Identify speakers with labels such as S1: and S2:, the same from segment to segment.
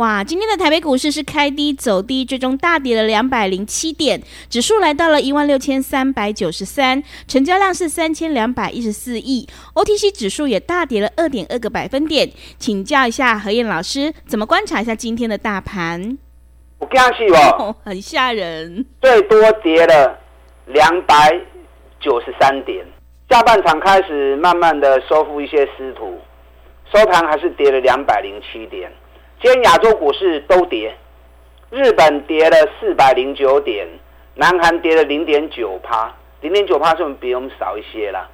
S1: 哇，今天的台北股市是開低走低，最終大跌了兩百零七點，指數來到了一萬六千三百九十三，成交量是三千兩百一十四億。OTC 指數也大跌了二點二個百分點。請教一下和彥老師，怎麼觀察一下今天的大
S2: 盤？我跟上哦，
S1: 很嚇人，
S2: 最多跌了兩百九十三點，下半場開始慢慢的收復一些失土，收盤還是跌了兩百零七點。今天亞洲股市都跌，日本跌了四百零九點，南韓跌了零點九趴。零點九趴是比我們少一些啦。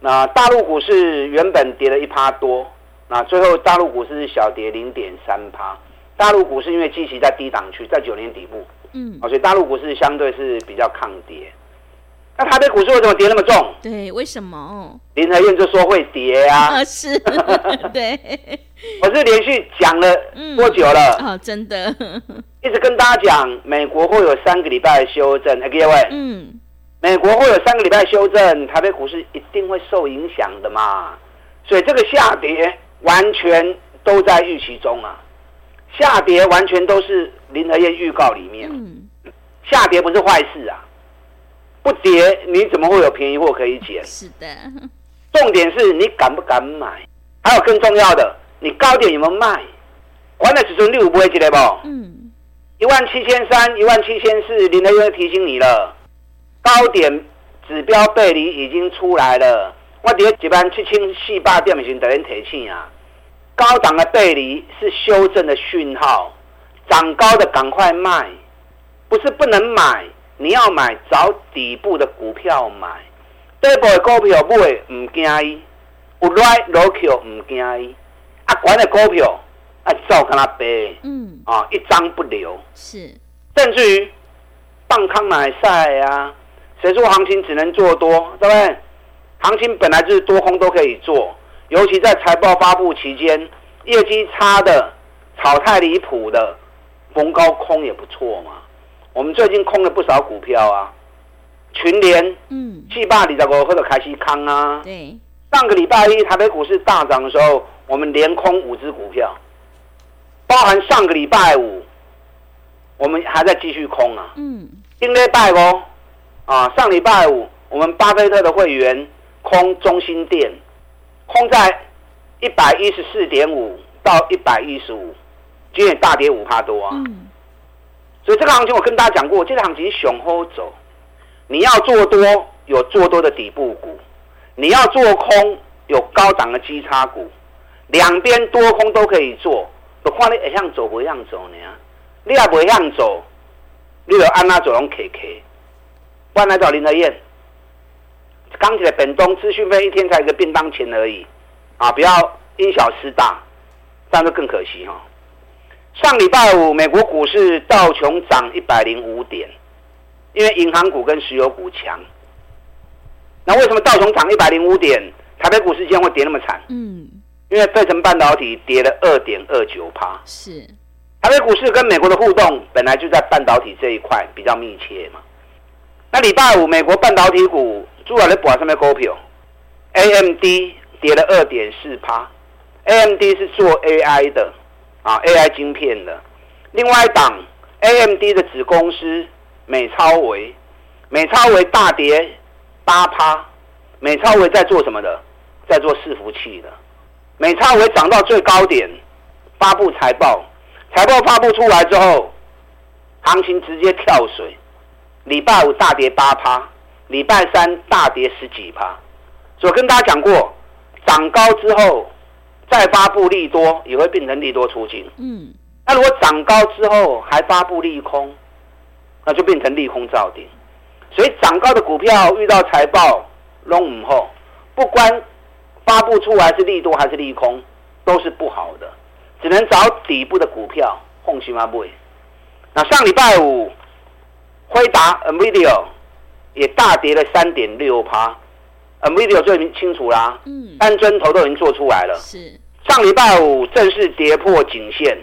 S2: 那大陸股市原本跌了一趴多，那最後大陸股市小跌零點三趴。大陸股市因為基期在低檔區，在九年底部，嗯，所以大陸股市相對是比較抗跌。那台北股市為什麼跌那麼重？
S1: 對，為什麼？
S2: 林和彥就說會跌啊。啊，
S1: 是啊，對。
S2: 我是連續講了多久了、嗯？哦，真的。一直跟大家講，美國會有三個禮拜修正，各、啊、位。嗯。美國會有三個禮拜修正，台北股市一定會受影響的嘛。所以這個下跌完全都在預期中啊。下跌完全都是林和彥預告裡面。嗯。下跌不是壞事啊。不跌，你怎麼會有便宜貨可以撿？是的，重點是你敢不敢買？還有更重要的，你高點有沒有賣？關鍵指數六不會記得不？嗯，一萬七千三、一萬七千四，林德月提醒你了，高點指標背離已經出來了。我跌一萬七千四百點的時候，得人提醒啊，高檔的背離是修正的訊號，漲高的趕快賣，不是不能買。你要買找底部的股票買，底部的股票買唔驚伊，有賴落去唔驚伊，啊，管的股票愛照跟他賠，嗯，啊，一張不留。
S3: 是，
S2: 甚至於放空買晒啊，誰說行情只能做多？對不對？行情本來就是多空都可以做，尤其在財報發布期間，業績差的、炒太離譜的，逢高空也不錯嘛。我們最近空了不少股票啊，群聯、嗯，七八里的股或者凱西康啊，對，上個禮拜一，台北股市大漲的時候，我們連空五隻股票，包含上個禮拜五，我們還在繼續空啊，
S3: 嗯
S2: 今 n 拜 i 啊，上禮拜五，我們巴菲特的會員空中心店，空在一百一十四點五到一百一十五，今天大跌五帕多啊。嗯所以這個行情我跟大家講過，這個、行情雄厚走，你要做多有做多的底部股，你要做空有高檔的基差股，兩邊多空都可以做。我看你一向走不一樣走呢，你也不一樣走，你有按那走龍 KK，不然來找林和彥，鋼鐵的本東資訊費一天才一個便當錢而已，啊，不要因小失大，但是更可惜哈、哦。上禮拜五，美國股市道瓊漲一百零五點，因為銀行股跟石油股強。那為什麼道瓊漲一百零五點，台北股市竟會跌那麼慘？嗯，因為費城半導體跌了二點二九趴。是，台北股市跟美國的互動本來就在半導體這一塊比較密切嘛。那禮拜五，美國半導體股主要的股啊，什麼股票？AMD 跌了二點四趴，AMD 是做 AI 的。啊，AI 晶片的，另外一檔 AMD 的子公司美超微，美超微大跌八趴，美超微在做什麼的？在做伺服器的，美超微漲到最高點，發布財報，財報發布出來之後，行情直接跳水，禮拜五大跌八趴，禮拜三大跌十幾趴。所以我跟大家講過，漲高之後，再發布利多，也會變成利多出盡。嗯，那如果漲高之後還發布利空，那就變成利空造頂。所以，漲高的股票遇到財報弄五後，不管發布出來是利多還是利空，都是不好的。只能找底部的股票碰起嘛，不會。那上禮拜五，輝達 NVIDIA 也大跌了三點六趴。NVIDIA 就已經清楚啦，嗯，三尊、啊、頭都已經做出來了，是。上禮拜五正式跌破頸線，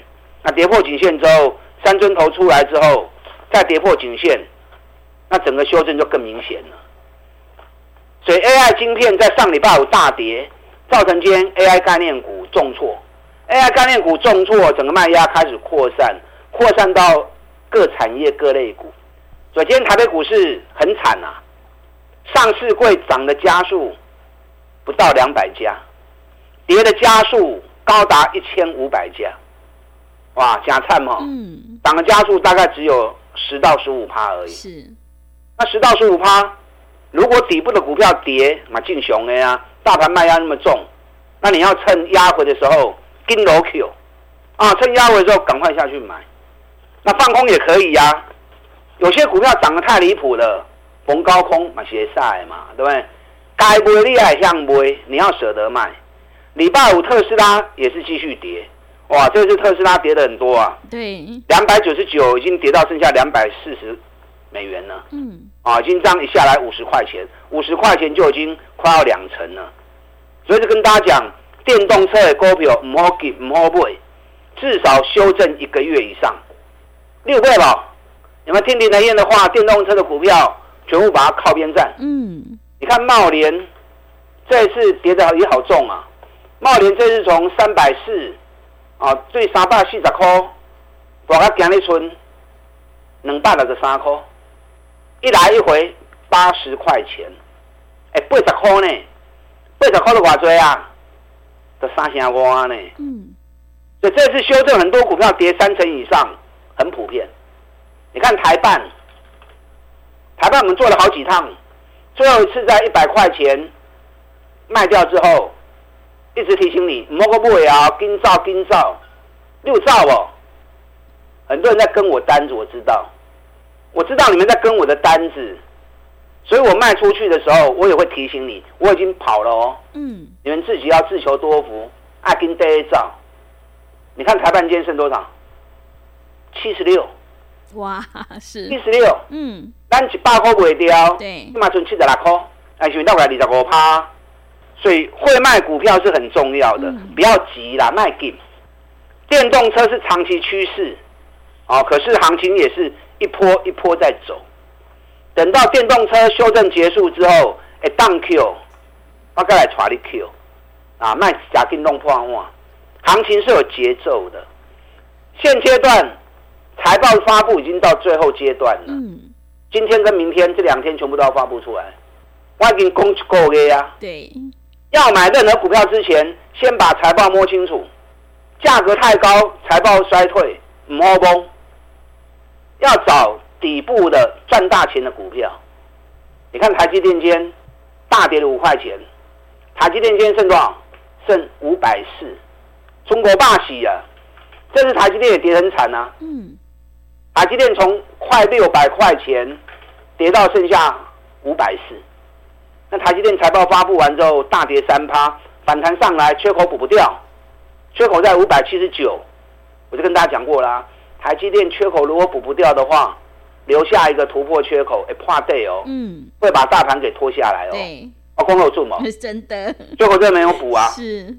S2: 那跌破頸線之後，三尊頭出來之後，再跌破頸線，那整個修正就更明顯了。所以 AI 晶片在上禮拜五大跌，造成今天 AI 概念股重挫，AI 概念股重挫，整個賣壓開始擴散，擴散到各產業各類股。所以今天台北股市很慘吶、啊，上市櫃漲的家數不到兩百家。跌的家數高達一千五百家，哇！加慘喔？嗯。漲的家數大概只有十到十五趴而已。是。那十到十五趴，如果底部的股票跌，買進熊 A 啊，大盤賣壓那麼重，那你要趁壓回的時候跟樓 Q 啊，趁壓回的時候趕快下去買。那放空也可以呀、啊。有些股票漲得太離譜了，逢高空買斜曬嘛，對不對？該賣你害，像賣，你要捨得賣。禮拜五，特斯拉也是繼續跌，哇！這次特斯拉跌的很多啊，對，兩百九十九已經跌到剩下兩百四十美元
S3: 了。
S2: 嗯，啊，已經這樣一下來五十塊錢，五十塊錢就已經快要兩成了。所以就跟大家講，電動車的股票 m o r g a m o b 至少修正一個月以上，六倍了。你們聽聽林彥的話，電動車的股票全部把它靠邊站。嗯，你看茂聯這次跌的也好重啊。茂林這是從三百四，啊，最三百四十塊，我甲今日村，能辦六這三塊，一來一回八十塊錢，哎、欸，八十塊呢，八十塊都我做啊，都三聲哇呢。嗯，所以這次修正很多股票跌三成以上，很普遍。你看台半台半我們做了好幾趟，最後一次在一百塊錢賣掉之後。一直提醒你，某個不掉，今兆今兆六兆哦，很多人在跟我單子，我知道，我知道你們在跟我的單子，所以我賣出去的時候，我也會提醒你，我已經跑了哦。嗯，你們自己要自求多福，啊，跟第一兆，你看台灣今天剩多少？七十六，
S1: 哇，是七十六，嗯，
S2: 單一百塊不掉，對，起碼存七十六塊，還是拿回來二十五趴。所以會賣股票是很重要的，嗯、不要急啦，賣 game。電動車是長期趨勢、哦，可是行情也是一波一波在走。等到電動車修正結束之後，哎，down Q，大概來查 r Q，啊，賣假電動破萬，行情是有節奏的。現階段財報發布已經到最後階段了，嗯、今天跟明天這兩天全部都要發布出來，我已經公司夠耶啊，對。要買任何股票之前，先把財報摸清楚。價格太高，財報衰退，莫碰。要找底部的賺大錢的股票。你看台積電今天大跌了五塊錢，台積電今天剩多少？剩五百四。中國霸起啊！這次台積電也跌很慘啊。嗯。台積電從快六百塊錢跌到剩下五百四。那台積電財報發布完之後大跌三趴，反彈上來缺口補不掉，缺口在五百七十九，我就跟大家講過啦、啊，台積電缺口如果補不掉的話，留下一個突破缺口，哎怕對哦，嗯，會把大盤給拖下來哦，對，空口無憑是
S1: 真的，缺
S2: 口最後這沒有補啊，是，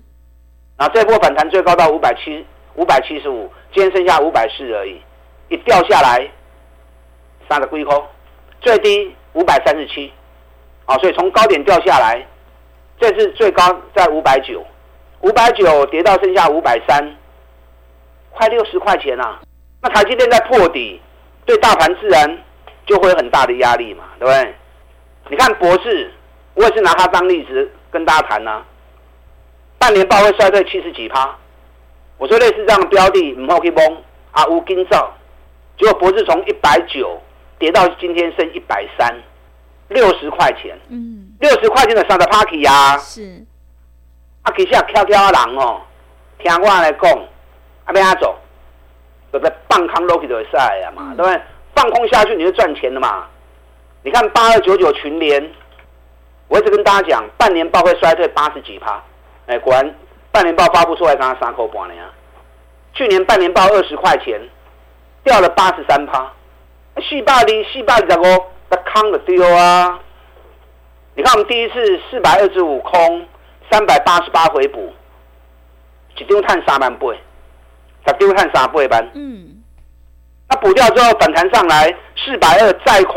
S2: 那、啊、這波反彈最高到五百七五百七十五，今天剩下五百四而已，一掉下來，殺的龜空，最低五百三十七。好，所以從高點掉下來，這次最高在五百九，五百九跌到剩下五百三，快六十塊錢啊！那台積電在破底，對大盤自然就會有很大的壓力嘛，對不對？你看博士，我也是拿它當例子跟大家談啊。半年報會衰退七十幾趴，我說類似這樣的標的，五號可以崩，阿、啊、烏金照，結果博士從一百九跌到今天剩一百三。六十塊錢，嗯，六十塊錢的三十趴起啊，是，啊，其實啊，跳跳的人哦，聽我來講，阿妹阿總，對不對？放空邏輯在賽啊嘛、嗯，對不對？放空下去你就賺錢的嘛。你看八二九九群聯，我一直跟大家講，半年報會衰退八十幾趴，哎、欸，果然半年報發不出來，剛剛殺口半年。去年半年報二十塊錢，掉了八十三趴，細巴厘，細巴厘怎麼？420, 425, 空了丟啊！你看我們第一次四百二十五空，三百八十八回補，一張碳三萬倍，十張碳三八萬。嗯。那補掉之後反彈上來，四百二再空，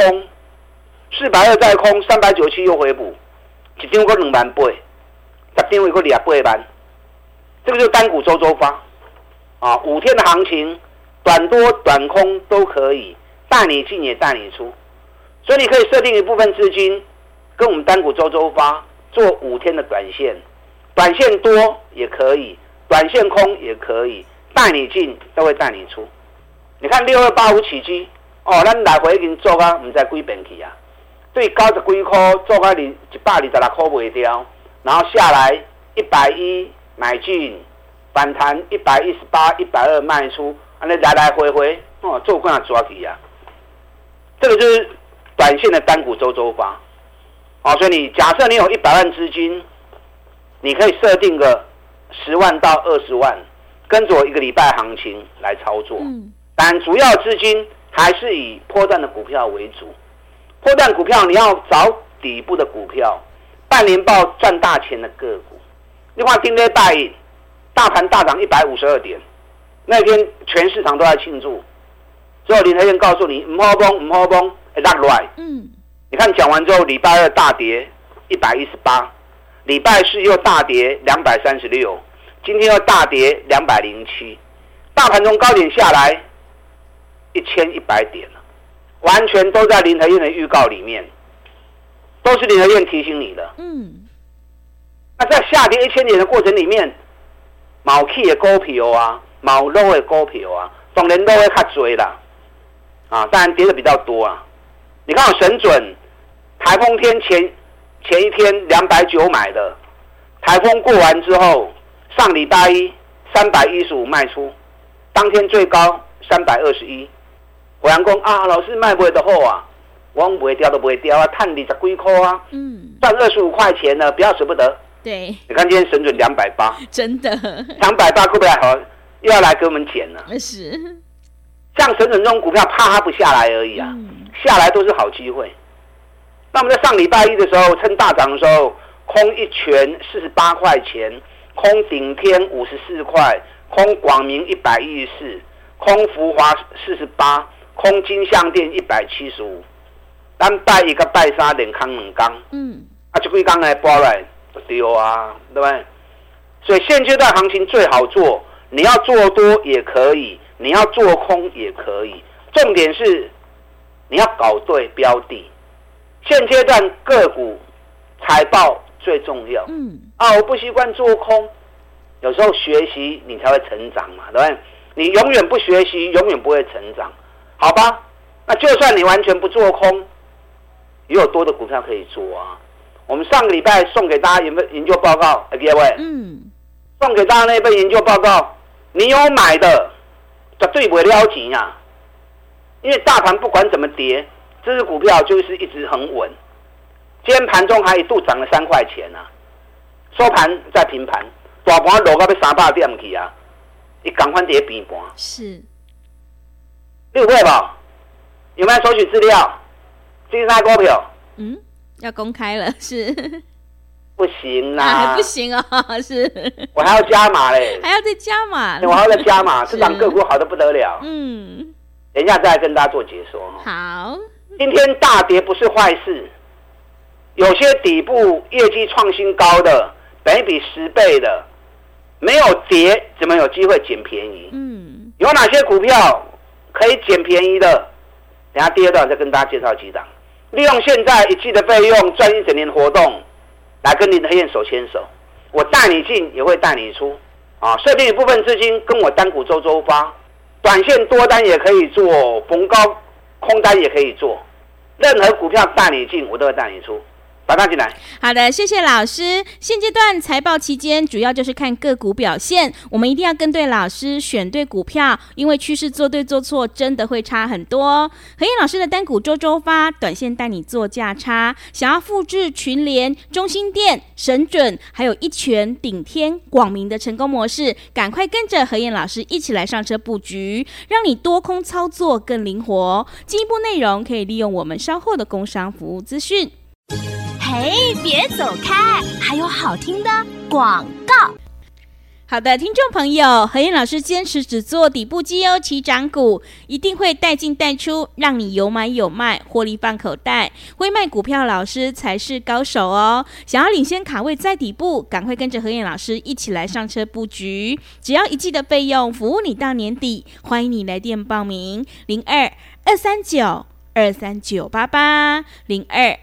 S2: 四百二再空，三百九十七又回補，一張過兩萬倍，十張又過廿倍萬。這個就是單股周周發，啊，五天的行情，短多短空都可以，帶你進也帶你出。所以你可以設定一部分資金，跟我們單股周周發做五天的短線，短線多也可以，短線空也可以，帶你進都會帶你出。你看六二八五啟碁，哦，那來回已經做到，不知道幾遍去啊。最高的幾塊做到你一百二十六塊賣掉，然後下來一百一買進，反彈一百一十八、一百二賣出，安尼來來回回哦，做干抓起呀？這個就是。短線的單股周周發，啊所以你假設你有一百萬資金，你可以設定個十萬到二十萬，跟着我一個禮拜行情來操作。但主要資金還是以波段的股票為主。波段股票你要找底部的股票，半年報賺大錢的個股。你望今天大，大盤大漲一百五十二點，那天全市場都在慶祝，最後林和彥告訴你：唔好崩，唔好崩。呃 b l
S3: 嗯，
S2: 你看講完之後，禮拜二大跌一百一十八，禮拜四又大跌兩百三十六，今天又大跌兩百零七，大盤從高點下來一千一百點了，完全都在林和彥的預告裡面，都是林和彥提醒你的，嗯，那在下跌一千點的過程裡面，毛企的股票啊，毛肉的股票啊，當然都會較儕啦，啊，當然跌的比較多啊。你看我神準，颱風天前前一天兩百九買的，颱風過完之後，上禮拜一三百一十五賣出，當天最高三百二十一。果然公啊，老師賣不來的貨啊，我不會掉都不會掉啊，探底在龜殼啊，賺二十五塊錢了，不要捨不得。
S1: 對，
S2: 你看今天神準兩百八，真的兩百八過不了好，又要來給我們撿了。是，像神準這種股票，怕它不下來而已啊。嗯下來都是好機會。那我們在上禮拜一的時候，趁大漲的時候，空一拳四十八塊錢，空頂天五十四塊，空廣明一百一十四，空福華四十八，空金像電一百七十五。但帶一個拜沙點康兩公，嗯，啊，這龜公來搬來不丟啊，對不對？所以現階段行情最好做，你要做多也可以，你要做空也可以，重點是。你要搞對標的，現階段個股財報最重要。嗯啊，我不習慣做空，有時候學習你才會成長嘛，對不對？你永遠不學習，永遠不會成長，好吧？那就算你完全不做空，也有多的股票可以做啊。我們上個禮拜送給大家一份研究報告，啊、各位，嗯，送給大家那一份研究報告，你有買的，絕對不會撩錢啊。因為大盤不管怎麼跌，這支股票就是一直很穩。今天盤中還一度漲了三塊錢呢、啊，收盤再平盤。大盤落到要三百點去啊，你趕快在一盤。是。六塊吧？有沒有收取資料？是山股票。
S1: 嗯，要公開了是。不
S2: 行啊，啊！還不
S1: 行哦，是
S2: 我還要加碼嘞，還
S1: 要再加碼、欸。我還要再
S2: 加碼，市場個股好得不得了。嗯。等一下再跟大家做解說。好，今天大跌不是壞事，有些底部業績創新高的，本益比十倍的，沒有跌怎麼有機會撿便宜？嗯，有哪些股票可以撿便宜的？等下第二段再跟大家介紹幾檔，利用現在一季的費用賺一整年活動，來跟您的和彥手牽手，我帶你進也會帶你出，啊，順便一部分資金跟我單股周周發。短線多單也可以做，逢高空單也可以做，任何股票帶你進，我都會帶你出。
S1: 把進來。好的，謝謝老師。現階段財報期間，主要就是看個股表現。我們一定要跟對老師，選對股票，因為趨勢做對做錯真的會差很多。和彥老師的單股周周發，短線帶你做價差。想要複製群聯、中興電、神準，還有一拳頂天、廣明的成功模式，趕快跟着和彥老師一起來上車布局，讓你多空操作更靈活。進一步內容可以利用我們稍後的工商服務資訊。哎，別走開！還有好聽的廣告。好的，聽眾朋友，和彥老師堅持只做底部績優起漲股，一定會帶進帶出，讓你有買有賣，獲利放口袋。會賣股票老師才是高手哦！想要領先卡位在底部，趕快跟着和彥老師一起來上車布局，只要一季的費用，服務你到年底。歡迎你來電報名：零二二三九二三九八八零二。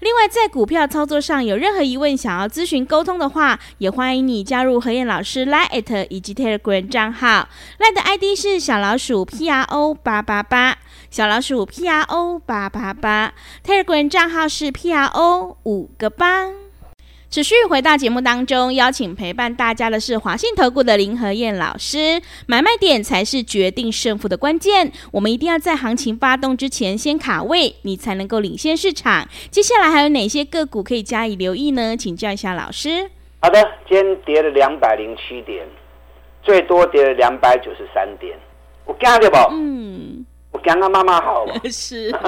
S1: 另外，在股票操作上有任何疑問，想要諮詢溝通的話，也歡迎你加入和彥老師 LINE 以及 Telegram 賬號。LINE 的 ID 是小老鼠 P R O 八八八，小老鼠 P R O 八八八。Telegram 賬號是 P R O 五個八。持續回到節目當中，邀請陪伴大家的是華信投顧的林和彥老師。買賣點才是決定勝負的關鍵，我們一定要在行情發動之前先卡位，你才能夠領先市場。接下來還有哪些個股可以加以留意呢？請教一下老師。
S2: 好的，今天跌了兩百零七點，最多跌了兩百九十三點。我講的不？嗯，我講他媽媽好 是。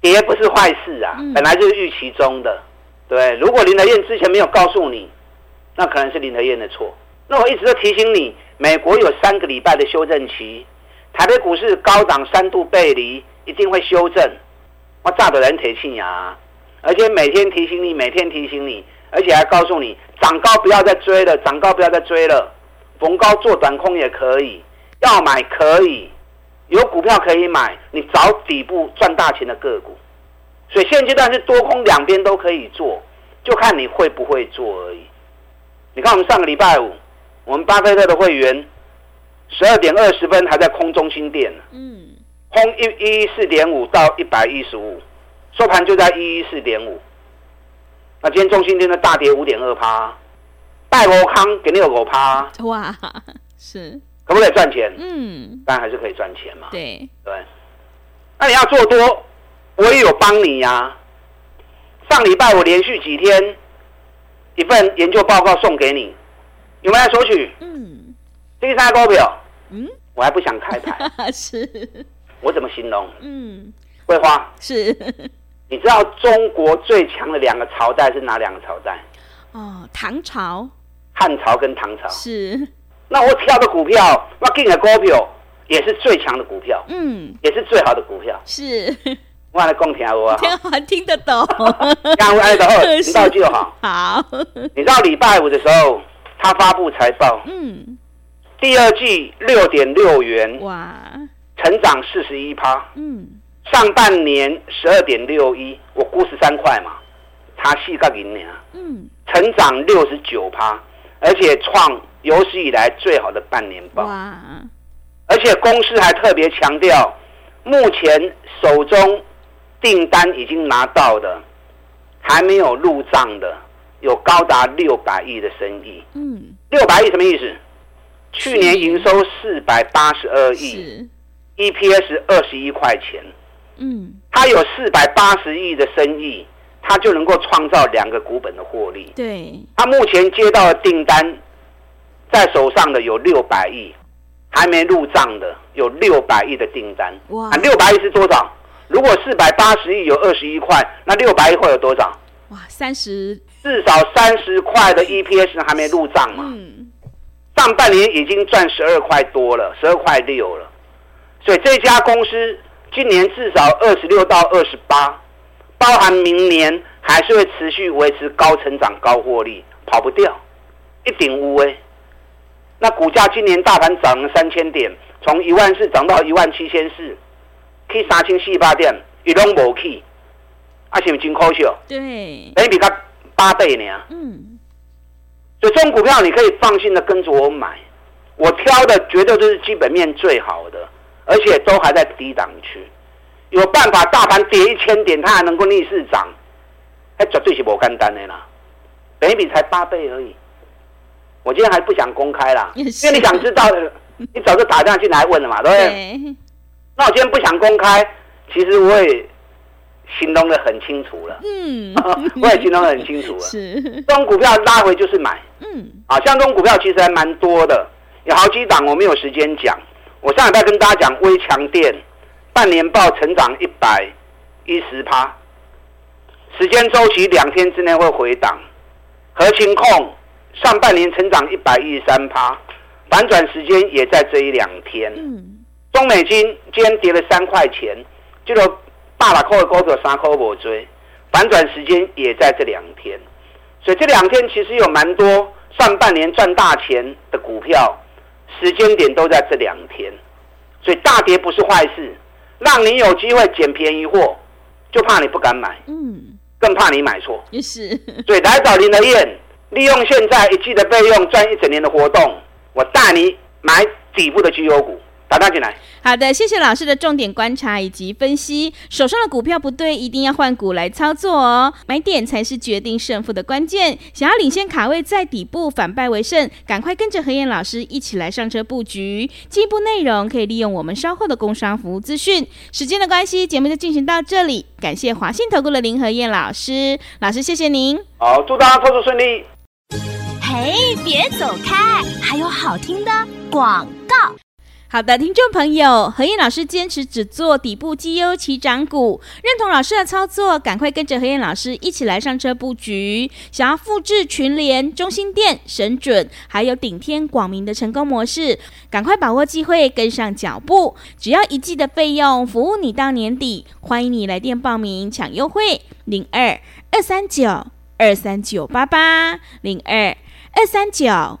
S2: 跌不是壞事啊，本來就是預期中的。對，如果林德燕之前沒有告訴你，那可能是林德燕的錯。那我一直都提醒你，美國有三個禮拜的修正期，台北股市高檔三度背離，一定會修正。我炸得人鐵青牙，而且每天提醒你，每天提醒你，而且還告訴你，漲高不要再追了，漲高不要再追了，逢高做短空也可以，要買可以，有股票可以買，你找底部賺大錢的個股。所以現階段是多空兩邊都可以做，就看你會不會做而已。你看我們上個禮拜五，我們巴菲特的會員十二點二十分還在空中興電，嗯，空一一四點五到一百一十五，收盤就在一一四點五。那今天中興電的大跌五點二趴，拜爾康跌有個趴，
S1: 哇，是
S2: 可不可以賺錢？嗯，但還是可以賺錢嘛。對對，那你要做多。我也有幫你呀、啊。上禮拜我連續幾天一份研究報告送給你，有沒有索取？
S3: 嗯，這三個股票。
S2: 嗯，我還不想開牌、啊。是。我怎麼形容？
S1: 嗯。
S2: 桂花。是。你知道中國最強的兩個朝代是哪兩個朝代？哦，
S1: 唐朝。
S2: 漢朝跟唐朝。是。那我挑的股票，那給你的股票也是最強的股票。嗯，也是最好的股票。是。哇，那講挺好我挺
S1: 好聽得懂，剛愛的哦，聽到就好。 好，你到禮拜
S2: 五的時候，他發布財報，嗯，第二季六點六元，哇，成長四十一趴，
S3: 嗯，
S2: 上半年十二點六一，我估十三塊嘛，他細告給年啊，嗯，成長六十九趴，而且創有史以來最好的半年報，而且公司還特別強調，目前手中。訂單已經拿到的，還沒有入賬的，有高達六百億的生意。
S3: 嗯，
S2: 六百億什麼意思？
S3: 去年營收
S2: 四百八十二億，EPS 二十一塊錢。嗯，他有四百八十億的生意，他就能夠創造兩個股本的獲利。對，他目前接到的訂單在手上的有六百億，還沒入賬的有六百億的訂單。哇，六百億是多少？如果四百八十億有二十一塊，那六百億會有多少？
S1: 哇，三十，
S2: 至少三十塊的 EPS 還沒入賬嘛、嗯？上半年已經賺十二塊多了，十二塊六了。所以這家公司今年至少二十六到二十八，包含明年還是會持續維持高成長、高獲利，跑不掉，一定無誤。那股價今年大盤漲了三千點，從一萬四漲到一萬七千四。去三千四八點，一攏無去，啊，是唔真可惜哦。對，本益比它八倍呢。嗯。這種股票你可以放心的跟着我買，我挑的絕對就是基本面最好的，而且都還在低檔區，有辦法大盤跌一千點，它還能夠逆勢漲，哎，絕對是不簡單的啦。本益比才八倍而已，我今天還不想公開啦，因為你想知道，你早就打電話進來問了嘛，對不對？那我今天不想公開，其實我也形容得很清楚
S3: 了。
S2: 嗯，呵呵，我也形容得很清楚了。是，這種股票拉回就是買。
S3: 嗯，
S2: 啊，像這種股票其實還蠻多的，有好幾檔，我沒有時間講。我上禮拜跟大家講威強電，半年報成長一百一十趴，時間周期兩天之內會回檔。合勤控上半年成長一百一十三趴，反轉時間也在這一兩天。嗯。中美晶今天跌了三塊錢，這個大拉高後三扣我追，反轉時間也在這兩天，所以這兩天其實有蠻多上半年賺大錢的股票，時間點都在這兩天，所以大跌不是壞事，讓你有機會撿便宜貨，就怕你不敢買，嗯，更怕你買錯，
S1: 對，是，
S2: 所以來找林和彥，利用現在一季的費用賺一整年的活動，我帶你買底部的績優股。打
S1: 打進來。好的，謝謝老師的重點觀察以及分析。手上的股票不對，一定要換股來操作哦。買點才是決定勝負的關鍵。想要領先卡位，在底部反敗為勝，趕快跟着和彥老師一起來上車布局。進一步內容可以利用我們稍後的工商服務資訊。時間的關係，節目就進行到這裡。感謝華信投顧的林和彥老師，老師謝謝您。
S2: 好，祝大家投資順利。嘿，別走
S1: 開，還有好聽的廣告。好的，聽眾朋友，和彥老師堅持只做底部績優起漲股，認同老師的操作，趕快跟着和彥老師一起來上車布局。想要複製群聯、中興電、神準，還有鼎天廣明的成功模式，趕快把握機會，跟上腳步。只要一季的費用，服務你到年底。歡迎你來電報名搶優惠：零二二三九二三九八八零二二三九。